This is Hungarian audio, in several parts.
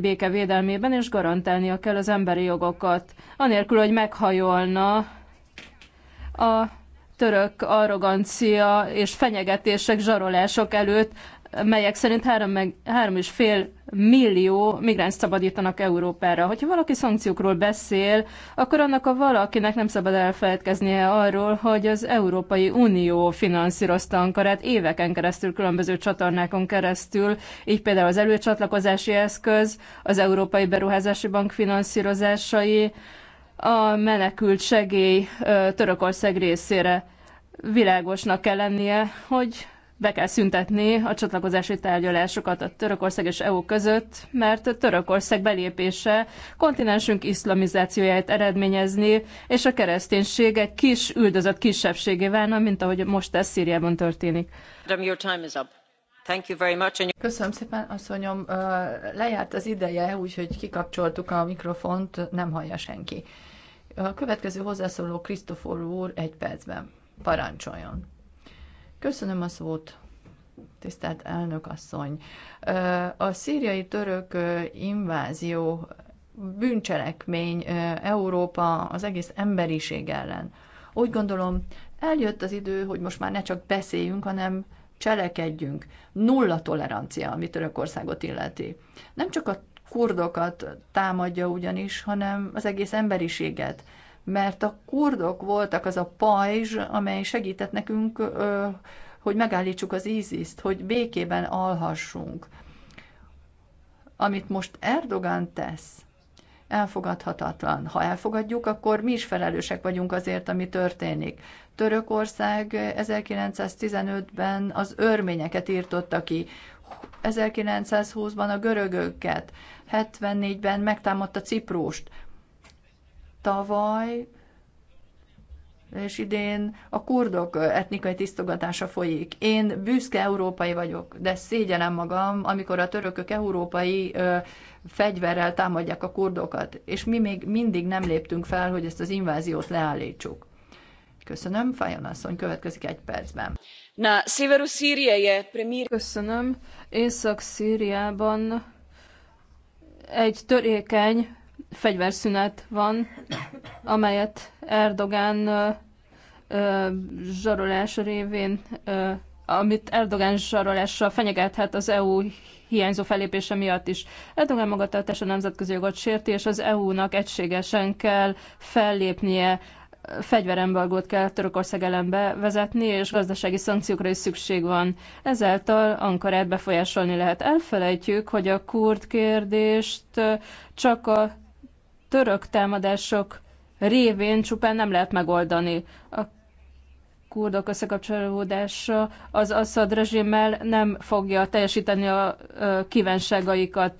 béke védelmében, és garantálnia kell az emberi jogokat, anélkül, hogy meghajolna a török arrogancia és fenyegetések, zsarolások előtt, melyek szerint 3,5 millió migráns szabadítanak Európára. Hogyha valaki szankciókról beszél, akkor annak a valakinek nem szabad elfeledkeznie arról, hogy az Európai Unió finanszírozta Ankarát éveken keresztül, különböző csatornákon keresztül, így például az előcsatlakozási eszköz, az Európai Beruházási Bank finanszírozásai, a menekült segély Törökország részére világosnak kell lennie, hogy be kell szüntetni a csatlakozási tárgyalásokat a Törökország és EU között, mert a Törökország belépése kontinensünk iszlamizációját eredményezni, és a kereszténység egy kis üldözött kisebbségé válna, mint ahogy most ez Szíriában történik. Köszönöm szépen, asszonyom. Lejárt az ideje, úgyhogy kikapcsoltuk a mikrofont, nem hallja senki. A következő hozzászóló Krisztofor úr egy percben. Parancsoljon. Köszönöm a szót. Tisztelt elnök asszony! A szíriai török invázió bűncselekmény Európa az egész emberiség ellen. Úgy gondolom, eljött az idő, hogy most már ne csak beszéljünk, hanem cselekedjünk. Nulla tolerancia, ami Törökországot illeti. Nem csak a kurdokat támadja ugyanis, hanem az egész emberiséget. Mert a kurdok voltak az a pajzs, amely segített nekünk ö, hogy megállítsuk az isis hogy békében alhassunk. Amit most Erdogan tesz, elfogadhatatlan. Ha elfogadjuk, akkor mi is felelősek vagyunk azért, ami történik. Törökország 1915-ben az örményeket írtotta ki, 1920-ban a görögöket, 74-ben megtámadta Ciprust. Tavaly és idén a kurdok etnikai tisztogatása folyik. Én büszke európai vagyok, de szégyenem magam, amikor a törökök európai ö, fegyverrel támadják a kurdokat, és mi még mindig nem léptünk fel, hogy ezt az inváziót leállítsuk. Köszönöm, Fajon asszony, következik egy percben. Na, Szíveru Szíriaje, premier... Köszönöm. Észak-Szíriában egy törékeny fegyverszünet van, amelyet Erdogán zsarolás révén, amit Erdogán zsarolással fenyegethet az EU hiányzó felépése miatt is. Erdogan magatartása nemzetközi jogot sérti, és az EU-nak egységesen kell fellépnie fegyverembargót kell Törökország ellen bevezetni, és gazdasági szankciókra is szükség van. Ezáltal Ankarát befolyásolni lehet. Elfelejtjük, hogy a kurd kérdést csak a török támadások révén csupán nem lehet megoldani. A kurdok összekapcsolódása az Assad rezsimmel nem fogja teljesíteni a kívánságaikat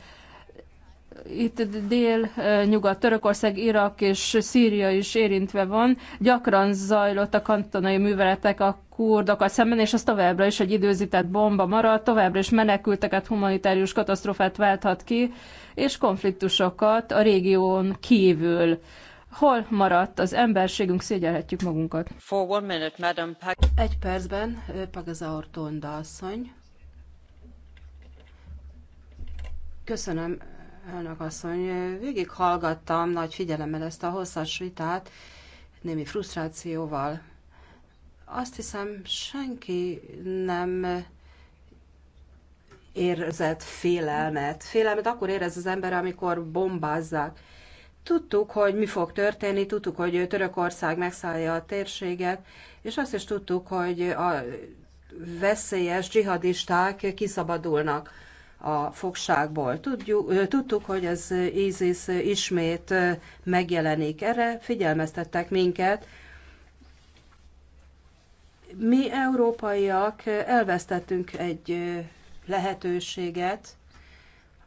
itt dél-nyugat, Törökország, Irak és Szíria is érintve van. Gyakran zajlott a kantonai műveletek a kurdokat szemben, és az továbbra is egy időzített bomba maradt továbbra is menekülteket, humanitárius katasztrófát válthat ki, és konfliktusokat a régión kívül. Hol maradt az emberségünk, szégyelhetjük magunkat. For one minute, Madam Pag- Egy percben Pagazaur Tonda asszony. Köszönöm, Elnök asszony, végig hallgattam nagy figyelemmel ezt a hosszas vitát, némi frusztrációval. Azt hiszem, senki nem érzett félelmet. Félelmet akkor érez az ember, amikor bombázzák. Tudtuk, hogy mi fog történni, tudtuk, hogy Törökország megszállja a térséget, és azt is tudtuk, hogy a veszélyes dzsihadisták kiszabadulnak a fogságból. Tudjuk, tudtuk, hogy az ISIS ismét megjelenik. Erre figyelmeztettek minket. Mi európaiak elvesztettünk egy lehetőséget,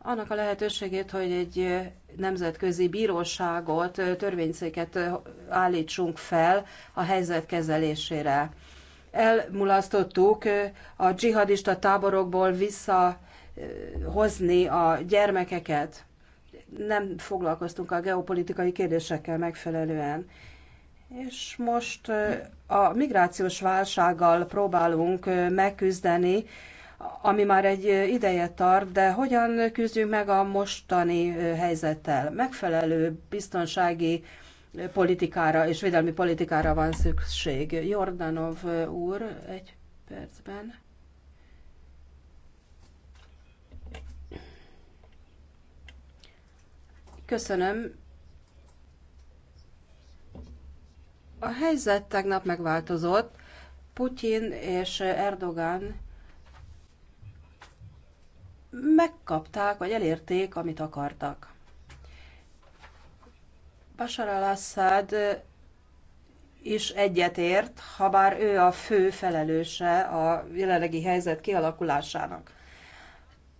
annak a lehetőségét, hogy egy nemzetközi bíróságot, törvényszéket állítsunk fel a helyzet kezelésére. Elmulasztottuk a dzsihadista táborokból vissza hozni a gyermekeket. Nem foglalkoztunk a geopolitikai kérdésekkel megfelelően. És most a migrációs válsággal próbálunk megküzdeni, ami már egy ideje tart, de hogyan küzdjünk meg a mostani helyzettel? Megfelelő biztonsági politikára és védelmi politikára van szükség. Jordanov úr, egy percben. Köszönöm. A helyzet tegnap megváltozott. Putyin és Erdogan megkapták, vagy elérték, amit akartak. Bashar al-Assad is egyetért, ha bár ő a fő felelőse a jelenlegi helyzet kialakulásának.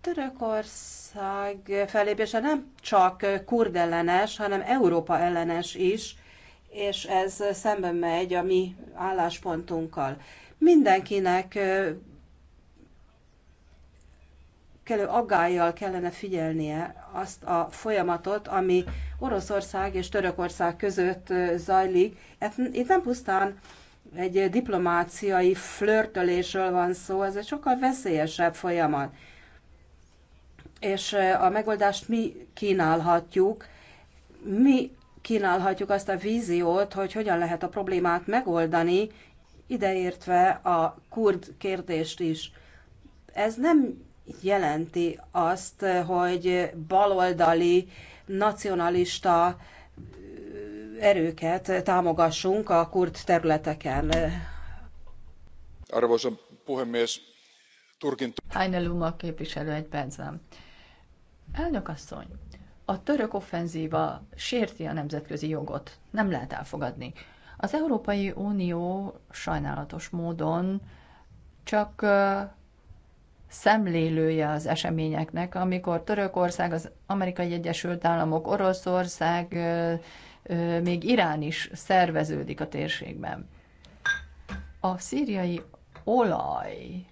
Törökország Magyarország fellépése nem csak kurd ellenes, hanem Európa ellenes is, és ez szemben megy a mi álláspontunkkal. Mindenkinek kellő aggájjal kellene figyelnie azt a folyamatot, ami Oroszország és Törökország között zajlik. Itt nem pusztán egy diplomáciai flörtölésről van szó, ez egy sokkal veszélyesebb folyamat és a megoldást mi kínálhatjuk, mi kínálhatjuk azt a víziót, hogy hogyan lehet a problémát megoldani, ideértve a kurd kérdést is. Ez nem jelenti azt, hogy baloldali, nacionalista erőket támogassunk a kurd területeken. Arvoisa puhemies, Turkin... Hajnaluma képviselő egy percben. Elnök asszony, a török offenzíva sérti a nemzetközi jogot. Nem lehet elfogadni. Az Európai Unió sajnálatos módon csak szemlélője az eseményeknek, amikor Törökország, az Amerikai Egyesült Államok, Oroszország, még Irán is szerveződik a térségben. A szíriai olaj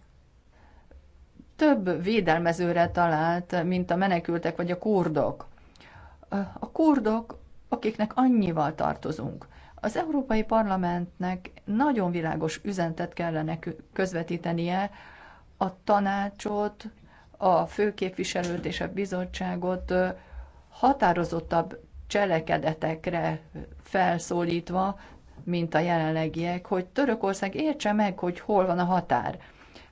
több védelmezőre talált, mint a menekültek vagy a kurdok. A kurdok, akiknek annyival tartozunk. Az Európai Parlamentnek nagyon világos üzentet kellene közvetítenie a tanácsot, a főképviselőt és a bizottságot határozottabb cselekedetekre felszólítva, mint a jelenlegiek, hogy Törökország értse meg, hogy hol van a határ.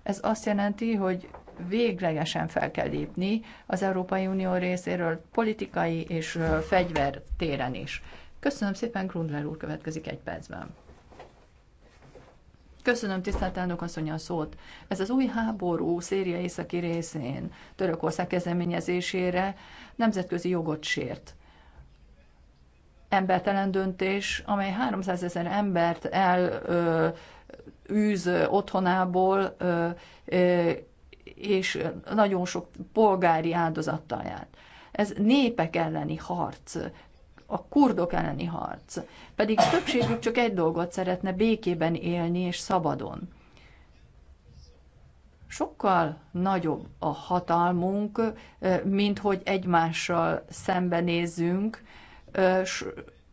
Ez azt jelenti, hogy véglegesen fel kell lépni az Európai Unió részéről politikai és fegyver téren is. Köszönöm szépen, Grundler úr következik egy percben. Köszönöm, tisztelt elnök asszony, a szót. Ez az új háború Széria északi részén Törökország kezdeményezésére nemzetközi jogot sért. Embertelen döntés, amely 300 ezer embert elűz otthonából, ö, ö, és nagyon sok polgári áldozattal járt. Ez népek elleni harc, a kurdok elleni harc. Pedig többségük csak egy dolgot szeretne békében élni és szabadon. Sokkal nagyobb a hatalmunk, mint hogy egymással szembenézzünk,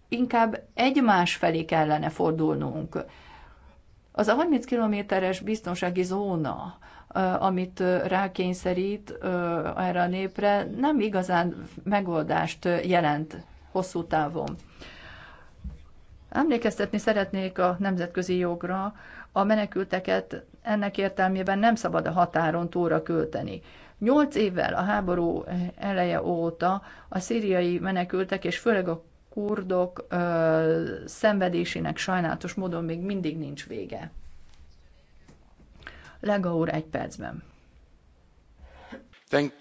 inkább egymás felé kellene fordulnunk. Az a 30 kilométeres biztonsági zóna, amit rákényszerít erre a népre, nem igazán megoldást jelent hosszú távon. Emlékeztetni szeretnék a nemzetközi jogra, a menekülteket ennek értelmében nem szabad a határon túlra költeni. Nyolc évvel a háború eleje óta a szíriai menekültek, és főleg a kurdok ö, szenvedésének sajnálatos módon még mindig nincs vége. Lega úr egy percben. Thank,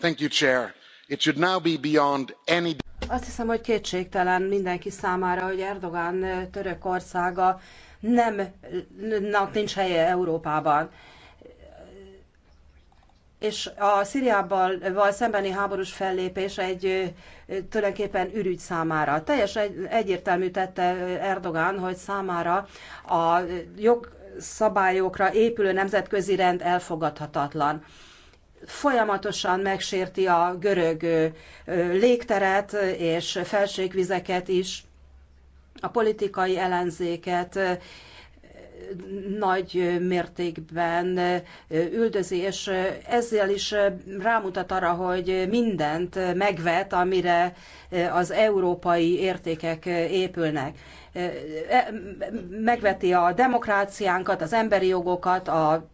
thank you, Chair. It should now be beyond any... Azt hiszem, hogy kétségtelen mindenki számára, hogy Erdogan Törökországa nem, nincs helye Európában és a Szíriával szembeni háborús fellépés egy tulajdonképpen ürügy számára. Teljes egyértelmű tette Erdogan, hogy számára a jog szabályokra épülő nemzetközi rend elfogadhatatlan. Folyamatosan megsérti a görög légteret és felségvizeket is, a politikai ellenzéket nagy mértékben üldözi, és ezzel is rámutat arra, hogy mindent megvet, amire az európai értékek épülnek megveti a demokráciánkat, az emberi jogokat, a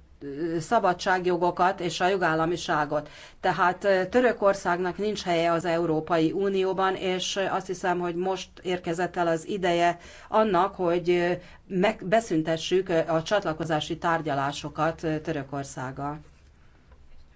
szabadságjogokat és a jogállamiságot. Tehát Törökországnak nincs helye az Európai Unióban, és azt hiszem, hogy most érkezett el az ideje annak, hogy megbeszüntessük a csatlakozási tárgyalásokat Törökországgal.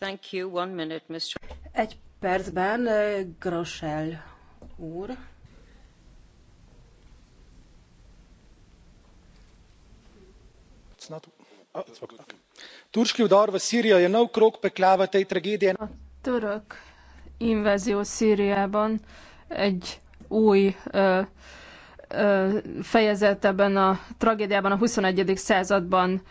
Egy percben Grosel úr. Oh, udar v je nov krog A török invázió Szíriában egy új ö, ö, fejezet ebben a tragédiában a 21. században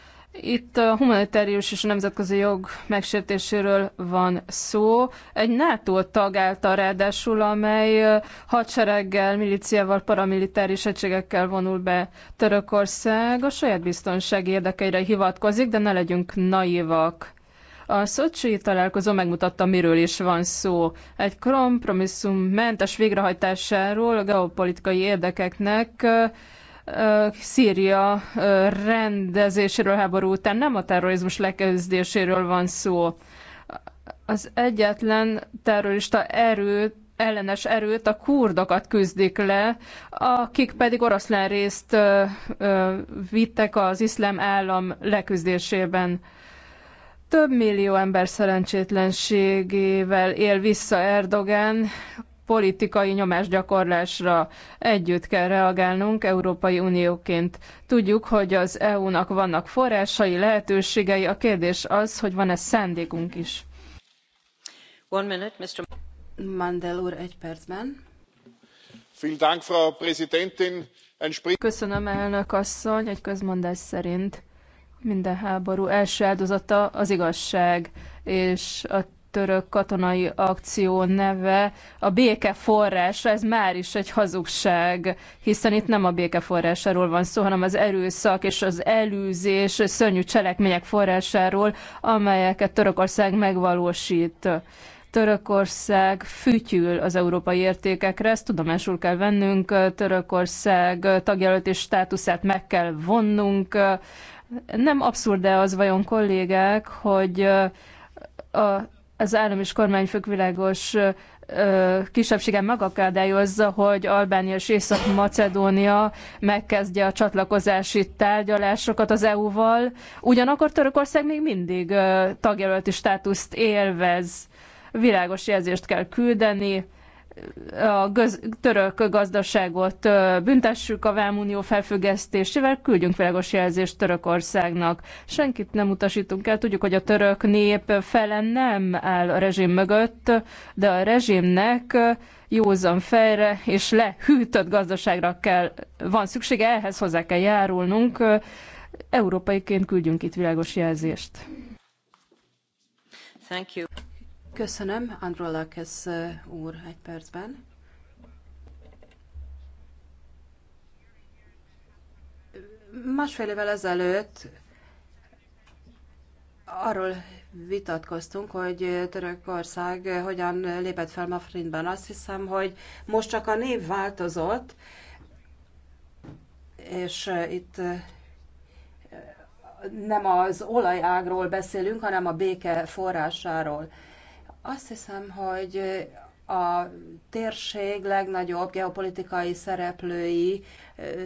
itt a humanitárius és a nemzetközi jog megsértéséről van szó. Egy NATO tag által ráadásul, amely hadsereggel, milíciával, paramilitáris egységekkel vonul be Törökország, a saját biztonsági érdekeire hivatkozik, de ne legyünk naivak. A Szocsi találkozó megmutatta, miről is van szó. Egy mentes végrehajtásáról a geopolitikai érdekeknek Szíria rendezéséről háború után, nem a terrorizmus leküzdéséről van szó. Az egyetlen terrorista erőt ellenes erőt a kurdokat küzdik le, akik pedig oroszlán részt ö, ö, vittek az iszlám állam leküzdésében. Több millió ember szerencsétlenségével él vissza Erdogan, politikai nyomásgyakorlásra együtt kell reagálnunk Európai Unióként. Tudjuk, hogy az EU-nak vannak forrásai, lehetőségei, a kérdés az, hogy van-e szándékunk is. One minute, Mr. Mandel úr, egy percben. Dank, Frau Präsidentin. Köszönöm, elnök asszony, egy közmondás szerint minden háború első áldozata az igazság, és a török katonai akció neve a béke forrása, ez már is egy hazugság, hiszen itt nem a béke forrásáról van szó, hanem az erőszak és az elűzés szörnyű cselekmények forrásáról, amelyeket Törökország megvalósít. Törökország fütyül az európai értékekre, ezt tudomásul kell vennünk, Törökország tagjelölti státuszát meg kell vonnunk. Nem abszurd-e az vajon kollégák, hogy a az állam és kormányfők világos kisebbsége megakadályozza, hogy Albánia és Észak-Macedónia megkezdje a csatlakozási tárgyalásokat az EU-val. Ugyanakkor Törökország még mindig tagjelölti státuszt élvez. Világos jelzést kell küldeni, a göz, török gazdaságot büntessük a vámunió felfüggesztésével, küldjünk világos jelzést Törökországnak. Senkit nem utasítunk el, tudjuk, hogy a török nép fele nem áll a rezsim mögött, de a rezsimnek józan fejre és lehűtött gazdaságra kell, van szüksége, ehhez hozzá kell járulnunk. Európaiként küldjünk itt világos jelzést. Thank you. Köszönöm, Androlakis uh, úr, egy percben. Másfél évvel ezelőtt arról vitatkoztunk, hogy Törökország hogyan lépett fel Mafrinban. Azt hiszem, hogy most csak a név változott, és uh, itt uh, nem az olajágról beszélünk, hanem a béke forrásáról. Azt hiszem, hogy a térség legnagyobb geopolitikai szereplői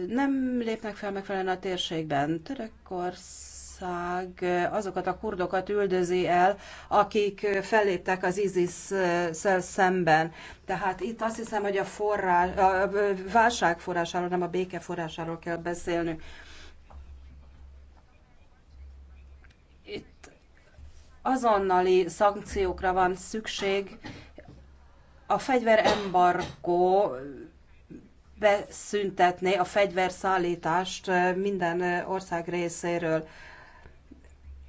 nem lépnek fel megfelelően a térségben. Törökország azokat a kurdokat üldözi el, akik felléptek az ISIS-szel szemben. Tehát itt azt hiszem, hogy a, forrás, a válság forrásáról, nem a béke forrásáról kell beszélnünk. azonnali szankciókra van szükség. A fegyverembargó beszüntetné a fegyverszállítást minden ország részéről.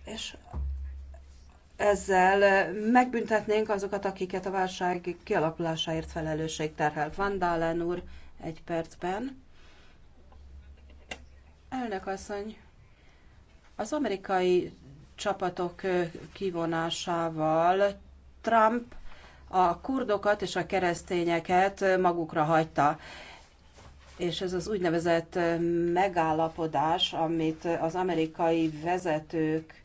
És ezzel megbüntetnénk azokat, akiket a válság kialakulásáért felelősség terhel. Van Dálen úr egy percben. Elnök asszony, az amerikai csapatok kivonásával Trump a kurdokat és a keresztényeket magukra hagyta. És ez az úgynevezett megállapodás, amit az amerikai vezetők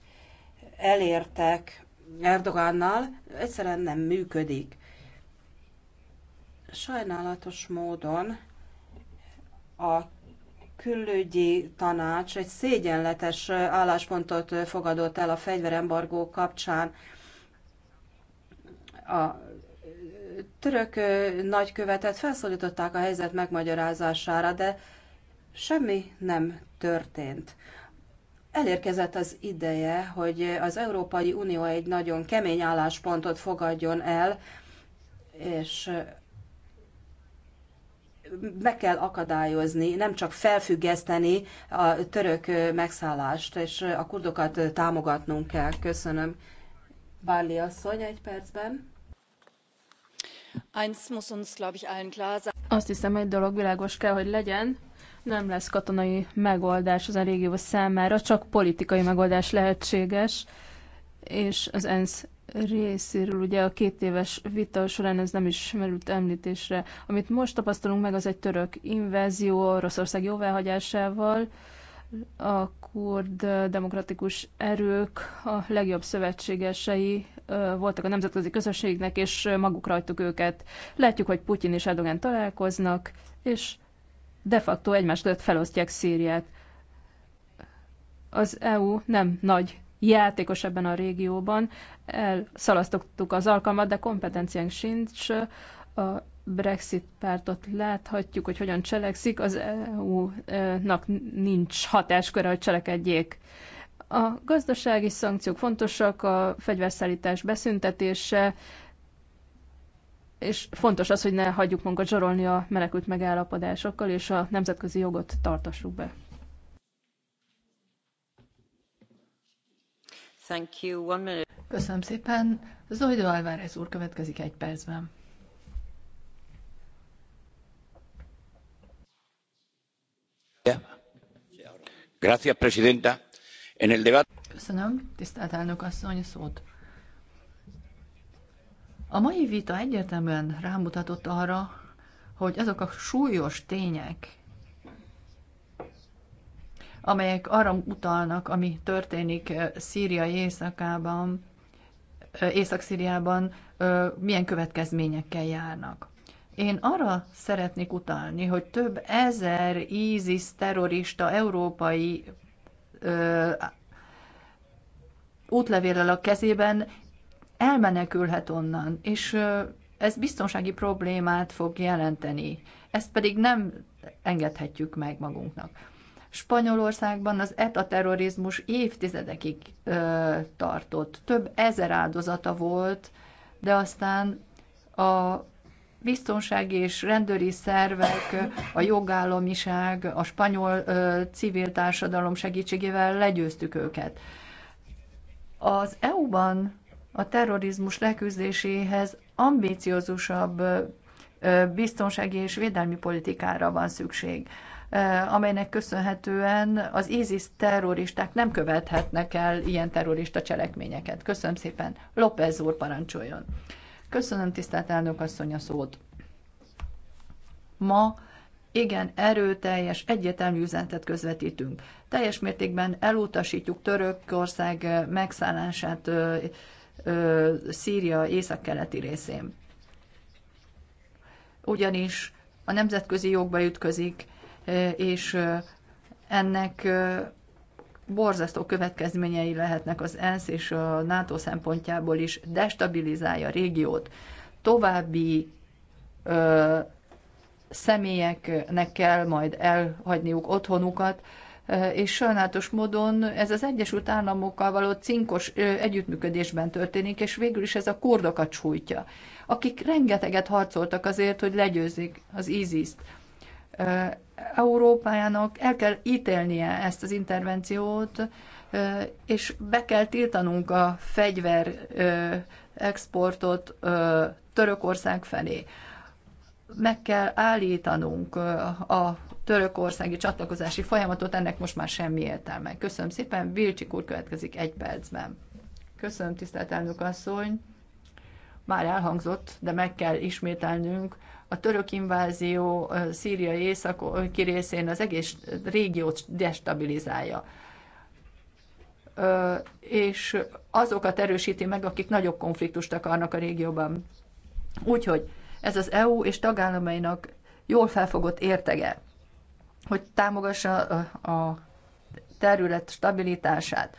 elértek Erdogánnal, egyszerűen nem működik. Sajnálatos módon a külügyi tanács egy szégyenletes álláspontot fogadott el a fegyverembargó kapcsán. A török nagykövetet felszólították a helyzet megmagyarázására, de semmi nem történt. Elérkezett az ideje, hogy az Európai Unió egy nagyon kemény álláspontot fogadjon el, és meg kell akadályozni, nem csak felfüggeszteni a török megszállást, és a kurdokat támogatnunk kell. Köszönöm. Báli asszony egy percben. Azt hiszem, egy dolog világos kell, hogy legyen. Nem lesz katonai megoldás az a régió számára, csak politikai megoldás lehetséges, és az ENSZ részéről ugye a két éves vita során ez nem is merült említésre. Amit most tapasztalunk meg, az egy török invázió Oroszország jóváhagyásával, a kurd demokratikus erők a legjobb szövetségesei voltak a nemzetközi közösségnek, és maguk rajtuk őket. Látjuk, hogy Putyin és Erdogan találkoznak, és de facto egymást között felosztják Szíriát. Az EU nem nagy játékos ebben a régióban. Elszalasztottuk az alkalmat, de kompetenciánk sincs. A Brexit pártot láthatjuk, hogy hogyan cselekszik, az EU-nak nincs hatásköre, hogy cselekedjék. A gazdasági szankciók fontosak, a fegyverszállítás beszüntetése, és fontos az, hogy ne hagyjuk magunkat zsarolni a menekült megállapodásokkal, és a nemzetközi jogot tartassuk be. Thank you. One minute. Köszönöm szépen. Zoido Alvarez úr következik egy percben. Gracias, presidenta. En el debate... Köszönöm, tisztelt elnök asszony, szót. A mai vita egyértelműen rámutatott arra, hogy azok a súlyos tények, amelyek arra utalnak, ami történik Szíria éjszakában, Észak-Szíriában, milyen következményekkel járnak. Én arra szeretnék utalni, hogy több ezer ISIS terrorista európai útlevéllel a kezében elmenekülhet onnan, és ö, ez biztonsági problémát fog jelenteni. Ezt pedig nem engedhetjük meg magunknak. Spanyolországban az ETA terrorizmus évtizedekig ö, tartott. Több ezer áldozata volt, de aztán a biztonsági és rendőri szervek, a jogállamiság, a spanyol ö, civil társadalom segítségével legyőztük őket. Az EU-ban a terrorizmus leküzdéséhez ambíciózusabb biztonsági és védelmi politikára van szükség. Eh, amelynek köszönhetően az ISIS terroristák nem követhetnek el ilyen terrorista cselekményeket. Köszönöm szépen. López úr parancsoljon. Köszönöm, tisztelt elnök asszony, a szót. Ma igen erőteljes, egyetemű üzenetet közvetítünk. Teljes mértékben elutasítjuk Törökország eh, megszállását ö, eh, ö, Szíria északkeleti részén. Ugyanis a nemzetközi jogba ütközik, és ennek borzasztó következményei lehetnek az ENSZ és a NATO szempontjából is, destabilizálja a régiót. További ö, személyeknek kell majd elhagyniuk otthonukat, és sajnálatos módon ez az Egyesült Államokkal való cinkos együttműködésben történik, és végül is ez a kurdokat sújtja, akik rengeteget harcoltak azért, hogy legyőzik az ISIS-t. Európájának el kell ítélnie ezt az intervenciót, és be kell tiltanunk a fegyver exportot Törökország felé. Meg kell állítanunk a törökországi csatlakozási folyamatot, ennek most már semmi értelme. Köszönöm szépen, Vilcsik úr következik egy percben. Köszönöm, tisztelt elnök asszony. Már elhangzott, de meg kell ismételnünk, a török invázió Szíria északi részén az egész régiót destabilizálja. És azokat erősíti meg, akik nagyobb konfliktust akarnak a régióban. Úgyhogy ez az EU és tagállamainak jól felfogott értege, hogy támogassa a terület stabilitását.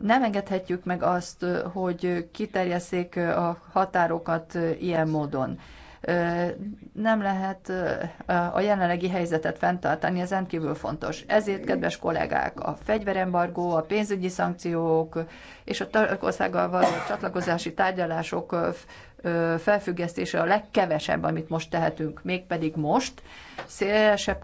Nem engedhetjük meg azt, hogy kiterjesszék a határokat ilyen módon nem lehet a jelenlegi helyzetet fenntartani, ez rendkívül fontos. Ezért, kedves kollégák, a fegyverembargó, a pénzügyi szankciók és a Törökországgal való csatlakozási tárgyalások felfüggesztése a legkevesebb, amit most tehetünk, mégpedig most. Szélesebb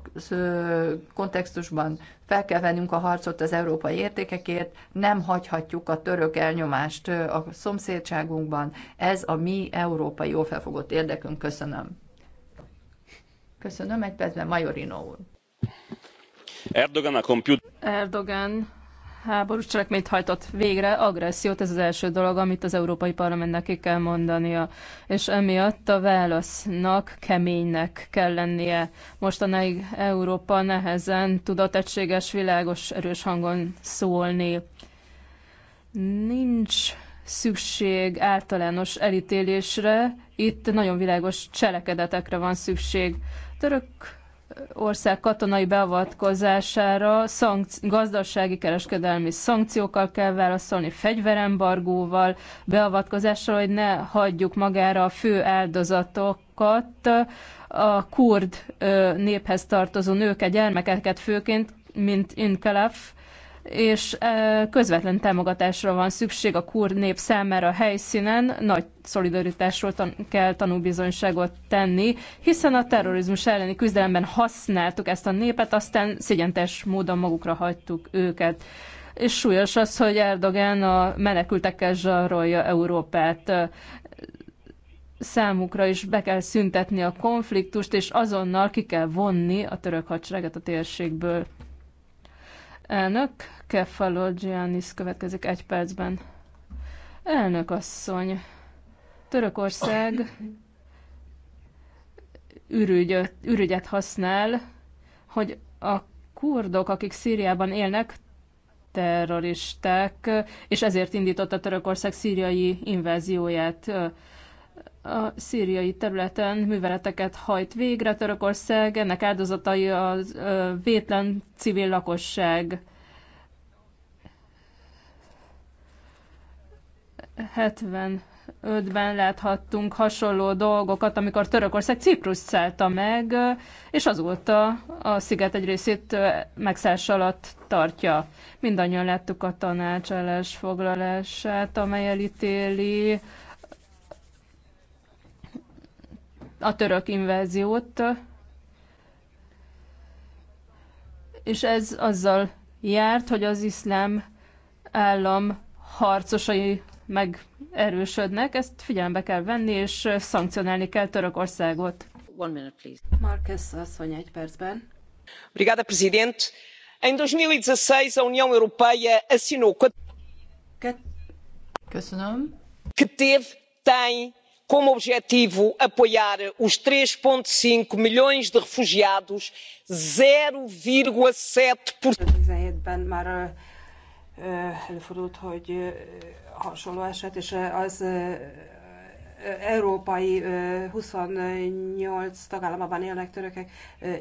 kontextusban fel kell vennünk a harcot az európai értékekért, nem hagyhatjuk a török elnyomást a szomszédságunkban. Ez a mi európai jól felfogott érdekünk. Köszönöm. Köszönöm, egy percben Majorino úr. Erdogan a komput Erdogan háborús cselekményt hajtott végre, agressziót, ez az első dolog, amit az Európai Parlamentnek ki kell mondania, és emiatt a válasznak keménynek kell lennie. Mostanáig Európa nehezen tudott egységes, világos, erős hangon szólni. Nincs szükség általános elítélésre, itt nagyon világos cselekedetekre van szükség. Török ország katonai beavatkozására szankci- gazdasági kereskedelmi szankciókkal kell válaszolni, fegyverembargóval, beavatkozással, hogy ne hagyjuk magára a fő áldozatokat, a kurd néphez tartozó nőket, gyermekeket főként, mint Inkelef, és közvetlen támogatásra van szükség a kurd nép számára a helyszínen, nagy szolidaritásról tan- kell tanúbizonyságot tenni, hiszen a terrorizmus elleni küzdelemben használtuk ezt a népet, aztán szigyentes módon magukra hagytuk őket. És súlyos az, hogy Erdogan a menekültekkel zsarolja Európát számukra is be kell szüntetni a konfliktust, és azonnal ki kell vonni a török hadsereget a térségből. Elnök, Kefalo Giannis következik egy percben. Elnök asszony, Törökország ürügyöt, ürügyet használ, hogy a kurdok, akik Szíriában élnek, terroristák, és ezért indította Törökország szíriai invázióját a szíriai területen műveleteket hajt végre Törökország, ennek áldozatai a vétlen civil lakosság. 75-ben láthattunk hasonló dolgokat, amikor Törökország Ciprus szállta meg, és azóta a sziget egy részét megszállás alatt tartja. Mindannyian láttuk a tanács foglalását, amely elítéli a török inváziót, és ez azzal járt, hogy az iszlám állam harcosai megerősödnek, ezt figyelembe kell venni, és szankcionálni kell Törökországot. One minute, please. Marquez asszony egy percben. Obrigada, presidente. Em 2016 e a União Europeia assinou... Köszönöm. Que teve, tem como objetivo apoiar os três cinco milhões de refugiados zero sete már előfordult, hogy hasonló eset, az európai 28 tagállamában élnek törökök,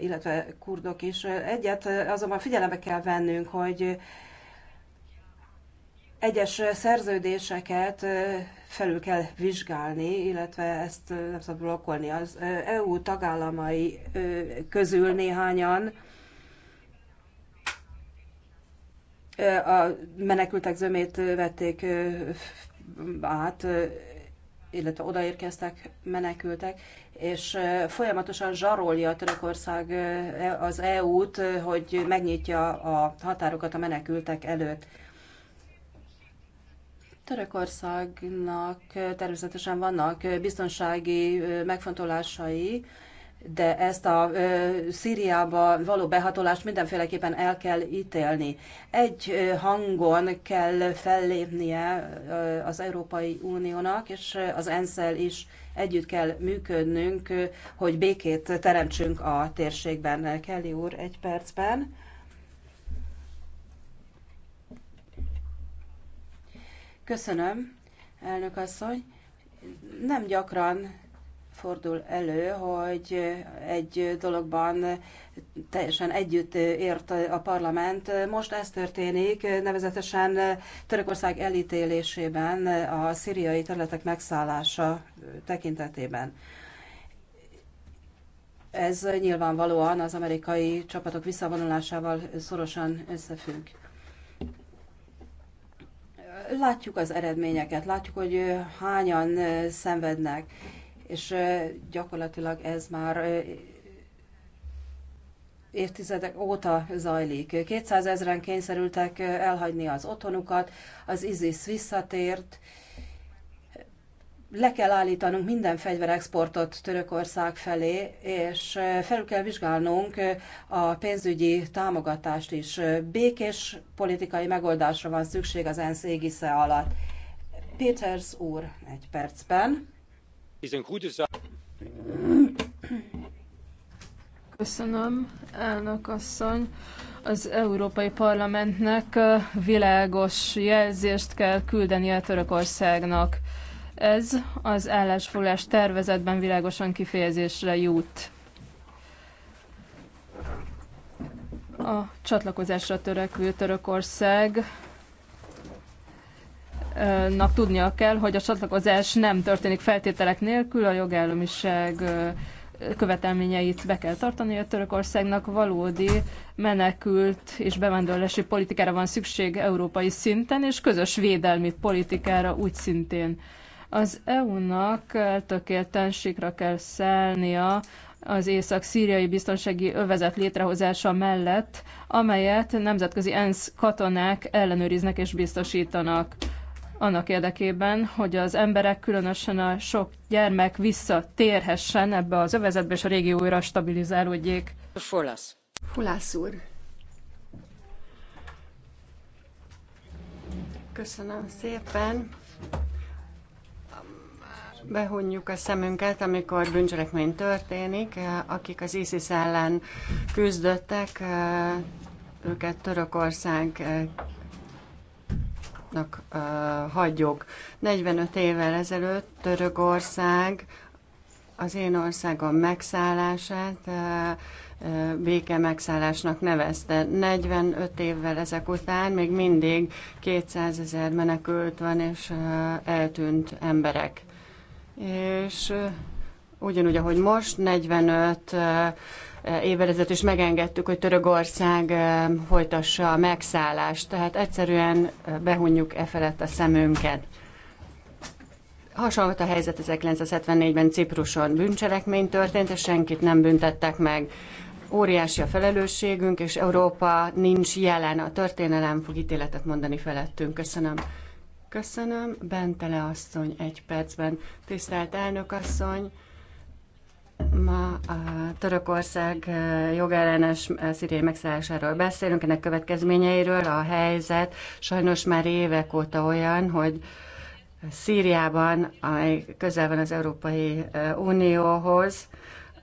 illetve kurdok is. Egyet azonban figyelembe kell vennünk, hogy egyes szerződéseket felül kell vizsgálni, illetve ezt nem szabad blokkolni. Az EU tagállamai közül néhányan a menekültek zömét vették át, illetve odaérkeztek menekültek, és folyamatosan zsarolja Törökország e, az EU-t, hogy megnyitja a határokat a menekültek előtt. Törökországnak természetesen vannak biztonsági megfontolásai, de ezt a Szíriába való behatolást mindenféleképpen el kell ítélni. Egy hangon kell fellépnie az Európai Uniónak, és az ensz is együtt kell működnünk, hogy békét teremtsünk a térségben. Kelly úr, egy percben. Köszönöm, elnök asszony. Nem gyakran fordul elő, hogy egy dologban teljesen együtt ért a parlament. Most ez történik, nevezetesen Törökország elítélésében a szíriai területek megszállása tekintetében. Ez nyilvánvalóan az amerikai csapatok visszavonulásával szorosan összefügg látjuk az eredményeket, látjuk, hogy hányan szenvednek, és gyakorlatilag ez már évtizedek óta zajlik. 200 ezeren kényszerültek elhagyni az otthonukat, az ISIS visszatért, le kell állítanunk minden fegyverexportot Törökország felé, és felül kell vizsgálnunk a pénzügyi támogatást is. Békés politikai megoldásra van szükség az ENSZ égisze alatt. Peters úr, egy percben. Köszönöm, elnök asszony. Az Európai Parlamentnek világos jelzést kell a Törökországnak. Ez az állásfoglás tervezetben világosan kifejezésre jut. A csatlakozásra törekvő Törökország nak tudnia kell, hogy a csatlakozás nem történik feltételek nélkül, a jogállamiság követelményeit be kell tartani, a Törökországnak valódi menekült és bevándorlási politikára van szükség európai szinten, és közös védelmi politikára úgy szintén. Az EU-nak eltökélten sikra kell szállnia az észak-szíriai biztonsági övezet létrehozása mellett, amelyet nemzetközi ENSZ katonák ellenőriznek és biztosítanak annak érdekében, hogy az emberek, különösen a sok gyermek visszatérhessen ebbe az övezetbe, és a régió újra stabilizálódjék. Fulász. Fulász úr. Köszönöm szépen behunjuk a szemünket, amikor bűncselekmény történik, akik az ISIS ellen küzdöttek, őket Törökországnak hagyjuk. 45 évvel ezelőtt Törökország az én országom megszállását béke megszállásnak nevezte. 45 évvel ezek után még mindig 200 ezer menekült van és eltűnt emberek és ugyanúgy, ahogy most, 45 évvel ezelőtt is megengedtük, hogy Törögország folytassa a megszállást. Tehát egyszerűen behunjuk e felett a szemünket. Hasonlott a helyzet 1974-ben Cipruson bűncselekmény történt, és senkit nem büntettek meg. Óriási a felelősségünk, és Európa nincs jelen. A történelem fog ítéletet mondani felettünk. Köszönöm. Köszönöm, Bentele asszony, egy percben. Tisztelt elnök asszony, Ma a Törökország eh, jogellenes eh, szíriai megszállásáról beszélünk, ennek következményeiről. A helyzet sajnos már évek óta olyan, hogy Szíriában, amely közel van az Európai eh, Unióhoz,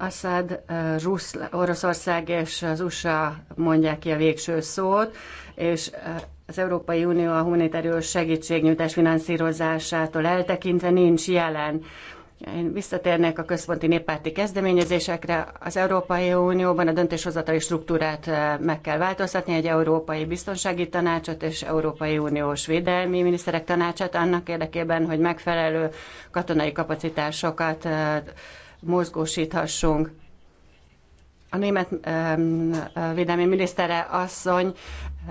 Assad, eh, Rusz, Oroszország és az USA mondják ki a végső szót, és eh, az Európai Unió a humanitárius segítségnyújtás finanszírozásától eltekintve nincs jelen. Én visszatérnék a központi néppárti kezdeményezésekre. Az Európai Unióban a döntéshozatali struktúrát eh, meg kell változtatni, egy Európai Biztonsági Tanácsot és Európai Uniós Védelmi Miniszterek Tanácsát annak érdekében, hogy megfelelő katonai kapacitásokat mozgósíthassunk. A német védelmi minisztere asszony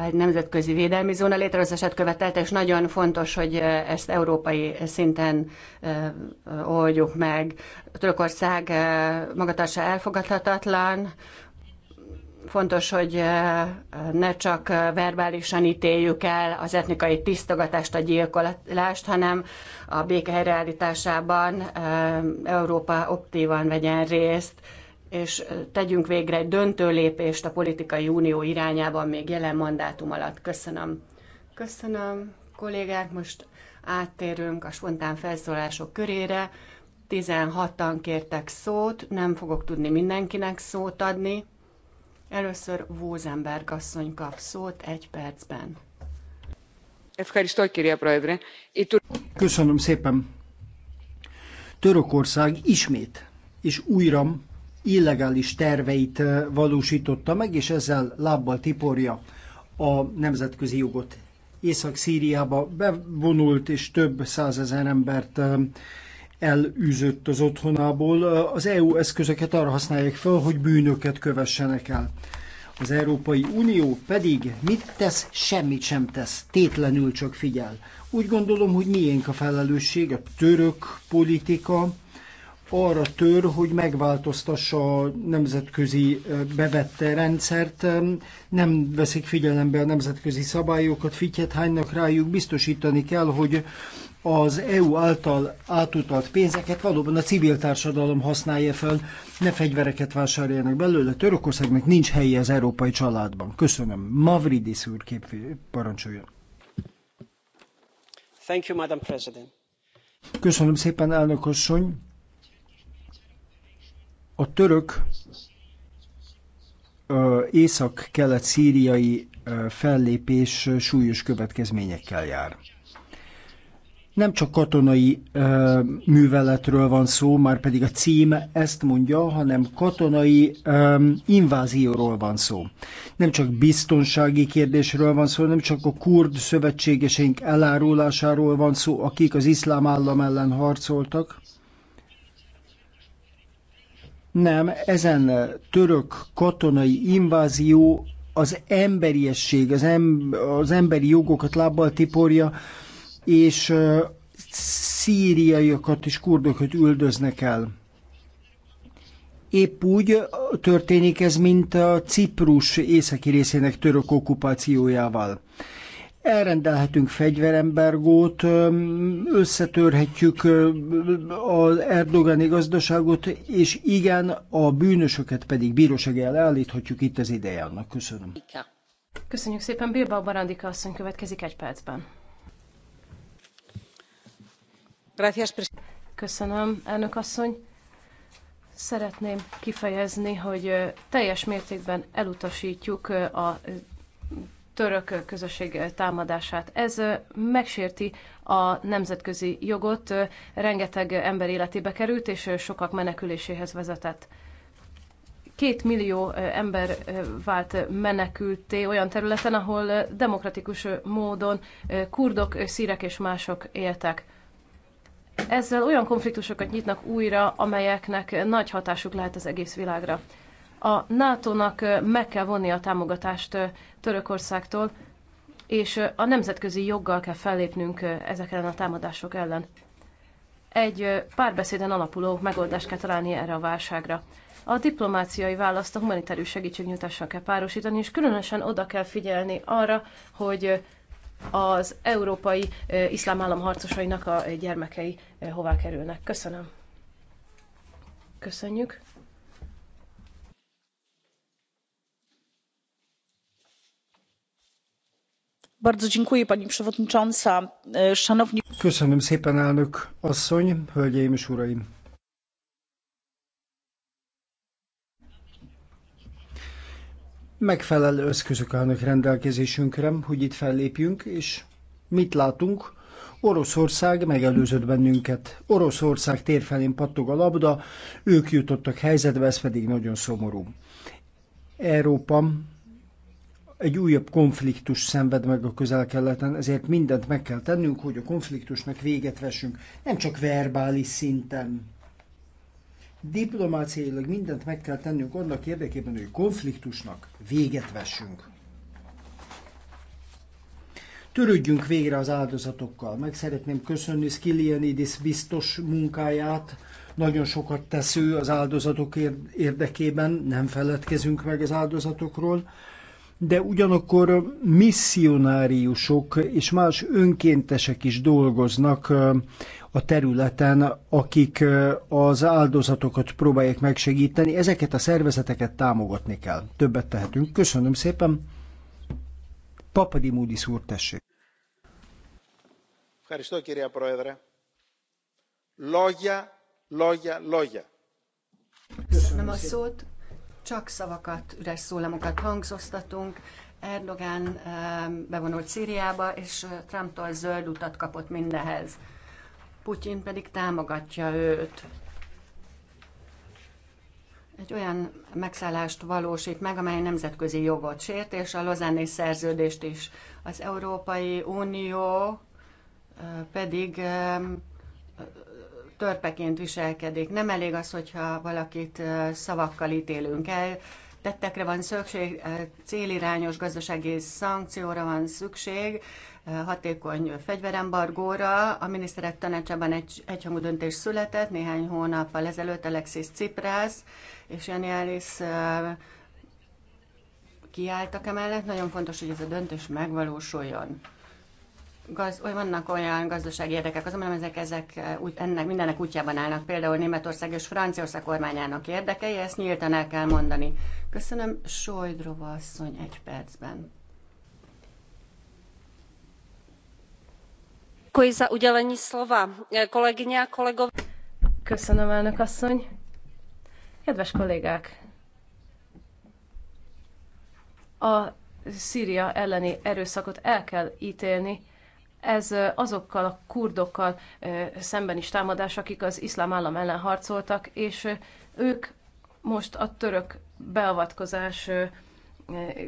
egy nemzetközi védelmi zóna létrehozását követelte, és nagyon fontos, hogy ezt európai szinten oldjuk meg. Törökország magatartása elfogadhatatlan, fontos, hogy ne csak verbálisan ítéljük el az etnikai tisztogatást, a gyilkolást, hanem a béke helyreállításában Európa optívan vegyen részt, és tegyünk végre egy döntő lépést a politikai unió irányában még jelen mandátum alatt. Köszönöm. Köszönöm, kollégák. Most áttérünk a spontán felszólások körére. 16-an kértek szót, nem fogok tudni mindenkinek szót adni. Először Vózenberg asszony kap szót egy percben. Köszönöm szépen. Törökország ismét és újra illegális terveit eh, valósította meg, és ezzel lábbal tiporja a nemzetközi jogot. Észak-Szíriába bevonult, és több százezer embert eh, elűzött az otthonából, az EU eszközöket arra használják fel, hogy bűnöket kövessenek el. Az Európai Unió pedig mit tesz? Semmit sem tesz, tétlenül csak figyel. Úgy gondolom, hogy miénk a felelősség, a török politika, arra tör, hogy megváltoztassa a nemzetközi bevett rendszert, nem veszik figyelembe a nemzetközi szabályokat, fityet hánynak rájuk, biztosítani kell, hogy az EU által átutalt pénzeket valóban a civil társadalom használja fel, ne fegyvereket vásároljanak belőle. Törökországnak nincs helye az európai családban. Köszönöm. Mavridis úr képviselő. Thank you, Madam President. Köszönöm szépen, elnök asszony. A török észak-kelet-szíriai fellépés súlyos következményekkel jár. Nem csak katonai ö, műveletről van szó, már pedig a cím ezt mondja, hanem katonai ö, invázióról van szó. Nem csak biztonsági kérdésről van szó, nem csak a kurd szövetségeseink elárulásáról van szó, akik az iszlám állam ellen harcoltak, nem, ezen török katonai invázió az emberiesség, az, em, az emberi jogokat lábbal tiporja, és uh, szíriaiakat és kurdokat üldöznek el. Épp úgy történik ez, mint a Ciprus északi részének török okupációjával elrendelhetünk fegyverembergót, összetörhetjük az Erdogani gazdaságot, és igen, a bűnösöket pedig bíróság el állíthatjuk itt az ideje annak. Köszönöm. Köszönjük szépen. Bilbao Barandika asszony következik egy percben. Köszönöm, elnök asszony. Szeretném kifejezni, hogy teljes mértékben elutasítjuk a török közösség támadását. Ez megsérti a nemzetközi jogot, rengeteg ember életébe került, és sokak meneküléséhez vezetett. Két millió ember vált menekülté olyan területen, ahol demokratikus módon kurdok, szírek és mások éltek. Ezzel olyan konfliktusokat nyitnak újra, amelyeknek nagy hatásuk lehet az egész világra. A NATO-nak meg kell vonni a támogatást Törökországtól, és a nemzetközi joggal kell fellépnünk ezek ellen a támadások ellen. Egy párbeszéden alapuló megoldást kell találni erre a válságra. A diplomáciai választ a humanitárius segítségnyújtással kell párosítani, és különösen oda kell figyelni arra, hogy az európai iszlám állam harcosainak a gyermekei hová kerülnek. Köszönöm. Köszönjük. E, Köszönöm szépen, elnök asszony, hölgyeim és uraim! Megfelelő eszközök állnak rendelkezésünkre, hogy itt fellépjünk, és mit látunk? Oroszország megelőzött bennünket. Oroszország térfelén pattog a labda, ők jutottak helyzetbe, ez pedig nagyon szomorú. Európa egy újabb konfliktus szenved meg a közel-keleten, ezért mindent meg kell tennünk, hogy a konfliktusnak véget vessünk, nem csak verbális szinten. Diplomáciailag mindent meg kell tennünk annak érdekében, hogy a konfliktusnak véget vessünk. Törődjünk végre az áldozatokkal. Meg szeretném köszönni Skilianidis biztos munkáját. Nagyon sokat tesz ő az áldozatok érdekében, nem feledkezünk meg az áldozatokról de ugyanakkor misszionáriusok és más önkéntesek is dolgoznak a területen, akik az áldozatokat próbálják megsegíteni. Ezeket a szervezeteket támogatni kell. Többet tehetünk. Köszönöm szépen. Papadi Múdis úr, tessék. Ευχαριστώ κυρία Πρόεδρε. Λόγια, Köszönöm a szót csak szavakat, üres szólamokat hangzoztatunk. Erdogan eh, bevonult Szíriába, és eh, Trumptól zöld utat kapott mindehez. Putyin pedig támogatja őt. Egy olyan megszállást valósít meg, amely nemzetközi jogot sért, és a Lozánni szerződést is. Az Európai Unió eh, pedig törpeként viselkedik. Nem elég az, hogyha valakit szavakkal ítélünk el, tettekre van szükség, célirányos gazdasági szankcióra van szükség, hatékony fegyverembargóra. A miniszterek tanácsában egy, egyhangú döntés született néhány hónappal ezelőtt Alexis Ciprász és Janialis kiálltak emellett. Nagyon fontos, hogy ez a döntés megvalósuljon gaz, oly, vannak olyan gazdasági érdekek, azonban ezek, ezek eh, úgy, ennek mindennek útjában állnak, például Németország és Franciaország kormányának érdekei, ezt nyíltan el kell mondani. Köszönöm, Sojdrova asszony egy percben. Köszönöm, elnök asszony. Kedves kollégák! A Szíria elleni erőszakot el kell ítélni, ez azokkal a kurdokkal szemben is támadás, akik az iszlám állam ellen harcoltak, és ők most a török beavatkozás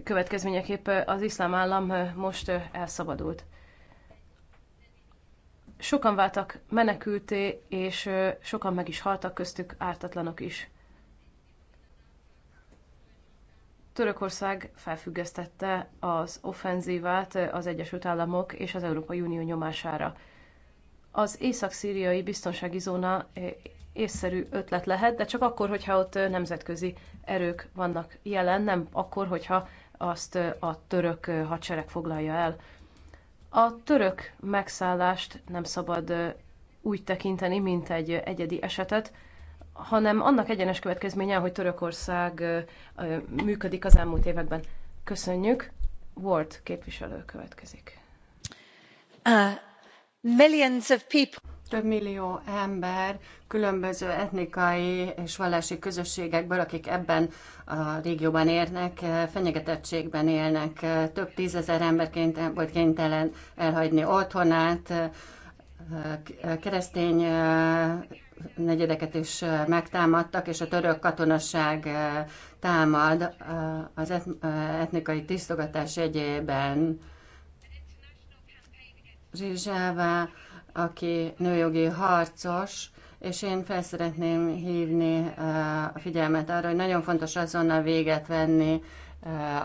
következményeképp az iszlám állam most elszabadult. Sokan váltak menekülté, és sokan meg is haltak köztük, ártatlanok is. Törökország felfüggesztette az offenzívát az Egyesült Államok és az Európai Unió nyomására. Az észak-szíriai biztonsági zóna észszerű ötlet lehet, de csak akkor, hogyha ott nemzetközi erők vannak jelen, nem akkor, hogyha azt a török hadsereg foglalja el. A török megszállást nem szabad úgy tekinteni, mint egy egyedi esetet, hanem annak egyenes következménye, hogy Törökország működik az elmúlt években. Köszönjük. Ward képviselő következik. Uh, millions of people több millió ember különböző etnikai és vallási közösségekből, akik ebben a régióban érnek, fenyegetettségben élnek. Több tízezer ember volt kénytelen elhagyni otthonát, keresztény negyedeket is megtámadtak, és a török katonaság támad az etnikai tisztogatás egyében. Zsizsává, aki nőjogi harcos, és én fel szeretném hívni a figyelmet arra, hogy nagyon fontos azonnal véget venni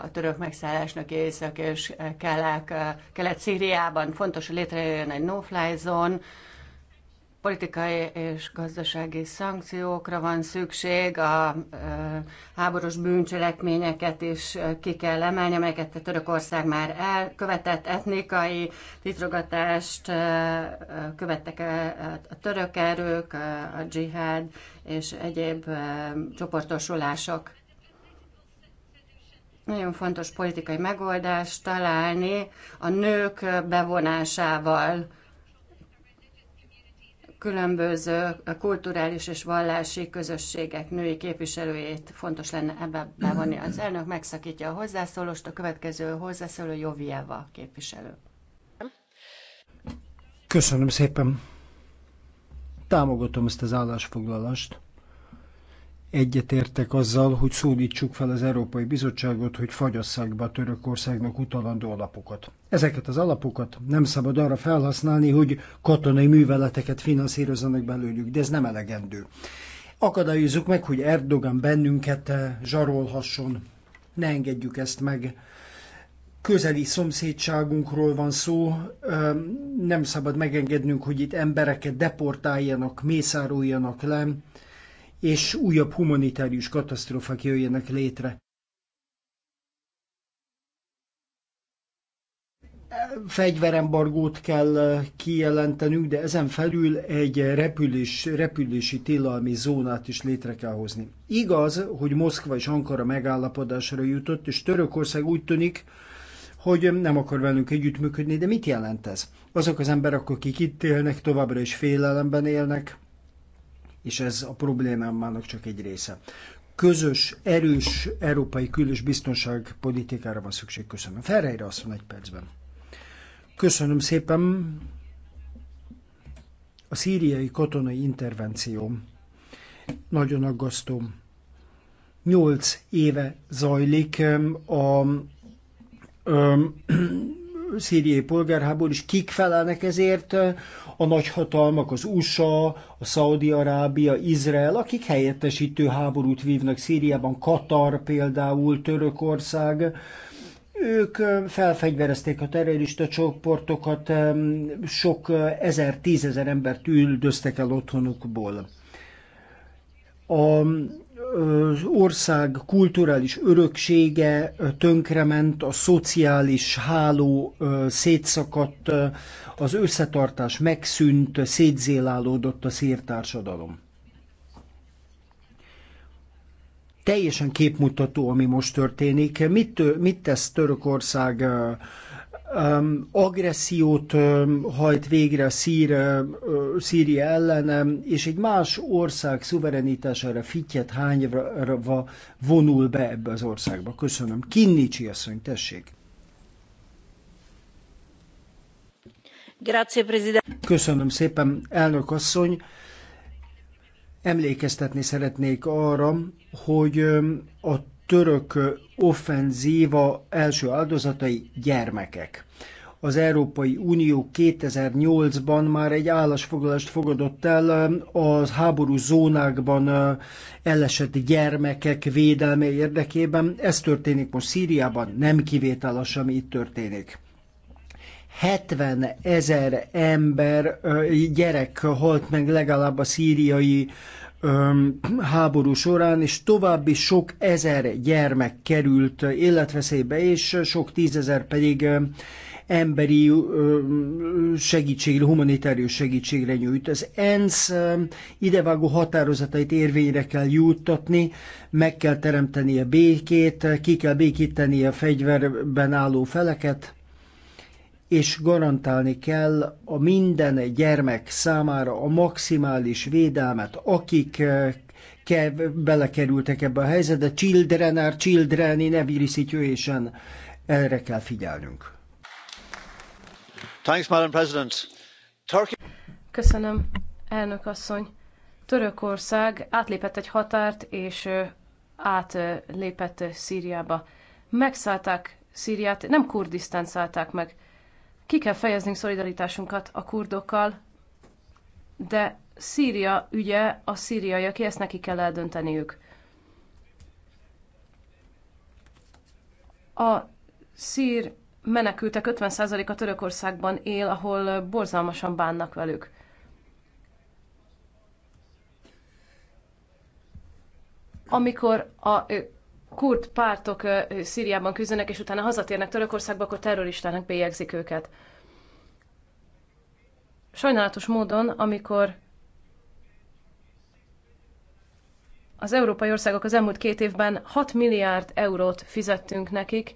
a török megszállásnak észak és kelek, kelet-szíriában. Fontos, hogy létrejöjjön egy no-fly zone, politikai és gazdasági szankciókra van szükség, a háborús bűncselekményeket is ki kell emelni, amelyeket a Törökország már elkövetett, etnikai titrogatást követtek a török erők, a dzsihád és egyéb csoportosulások. Nagyon fontos politikai megoldást találni a nők bevonásával különböző kulturális és vallási közösségek női képviselőjét fontos lenne ebbe bevonni. Az elnök megszakítja a hozzászólóst, a következő hozzászóló Jovieva képviselő. Köszönöm szépen. Támogatom ezt az állásfoglalást egyetértek azzal, hogy szólítsuk fel az Európai Bizottságot, hogy fagyasszák be a Törökországnak utalandó alapokat. Ezeket az alapokat nem szabad arra felhasználni, hogy katonai műveleteket finanszírozzanak belőlük, de ez nem elegendő. Akadályozzuk meg, hogy Erdogan bennünket zsarolhasson. Ne engedjük ezt meg. Közeli szomszédságunkról van szó, nem szabad megengednünk, hogy itt embereket deportáljanak, mészároljanak le és újabb humanitárius katasztrófák jöjjenek létre. fegyverembargót kell kijelentenünk, de ezen felül egy repülés, repülési tilalmi zónát is létre kell hozni. Igaz, hogy Moszkva és Ankara megállapodásra jutott, és Törökország úgy tűnik, hogy nem akar velünk együttműködni, de mit jelent ez? Azok az emberek, akik itt élnek, továbbra is félelemben élnek, és ez a problémámának csak egy része. Közös, erős európai külös biztonságpolitikára van szükség. Köszönöm. Ferreira azt van egy percben. Köszönöm szépen. A szíriai katonai intervenció nagyon aggasztó. Nyolc éve zajlik um, a, a, um, a szíriai polgárháború, és kik felelnek ezért? A nagyhatalmak, az USA, a Szaudi-Arábia, Izrael, akik helyettesítő háborút vívnak Szíriában, Katar például, Törökország, ők felfegyverezték a terrorista csoportokat, sok ezer, tízezer embert üldöztek el otthonukból. A ország kulturális öröksége tönkrement, a szociális háló szétszakadt, az összetartás megszűnt, szétzélálódott a szírtársadalom. Teljesen képmutató, ami most történik. Mit, mit tesz Törökország um, agressziót um, hajt végre Szír, uh, Szíria ellen, és egy más ország szuverenitására fittyet hányva vonul be ebbe az országba. Köszönöm. Kinnicsi asszony, tessék. Köszönöm szépen, elnök asszony. Emlékeztetni szeretnék arra, hogy a török offenzíva első áldozatai gyermekek. Az Európai Unió 2008-ban már egy állásfoglalást fogadott el a háború zónákban elesett gyermekek védelme érdekében. Ez történik most Szíriában, nem kivétel az, ami itt történik. 70 ezer ember, gyerek halt meg legalább a szíriai háború során, és további sok ezer gyermek került életveszélybe, és sok tízezer pedig emberi segítségre, humanitárius segítségre nyújt. Az ENSZ idevágó határozatait érvényre kell juttatni, meg kell teremteni a békét, ki kell békíteni a fegyverben álló feleket, és garantálni kell a minden gyermek számára a maximális védelmet, akik eh, belekerültek ebbe a helyzetbe. Children are children in every situation. Erre kell figyelnünk. Thanks, Madam President. Turkey... Köszönöm, elnök asszony. Törökország átlépett egy határt, és átlépett Szíriába. Megszállták Szíriát, nem Kurdisztán szállták meg. Ki kell fejeznünk szolidaritásunkat a kurdokkal, de Szíria ügye a szíriaiak, ezt neki kell eldönteniük. A szír menekültek 50%-a Törökországban él, ahol borzalmasan bánnak velük. Amikor a kurd pártok Szíriában küzdenek, és utána hazatérnek Törökországba, akkor terroristának bélyegzik őket. Sajnálatos módon, amikor az európai országok az elmúlt két évben 6 milliárd eurót fizettünk nekik,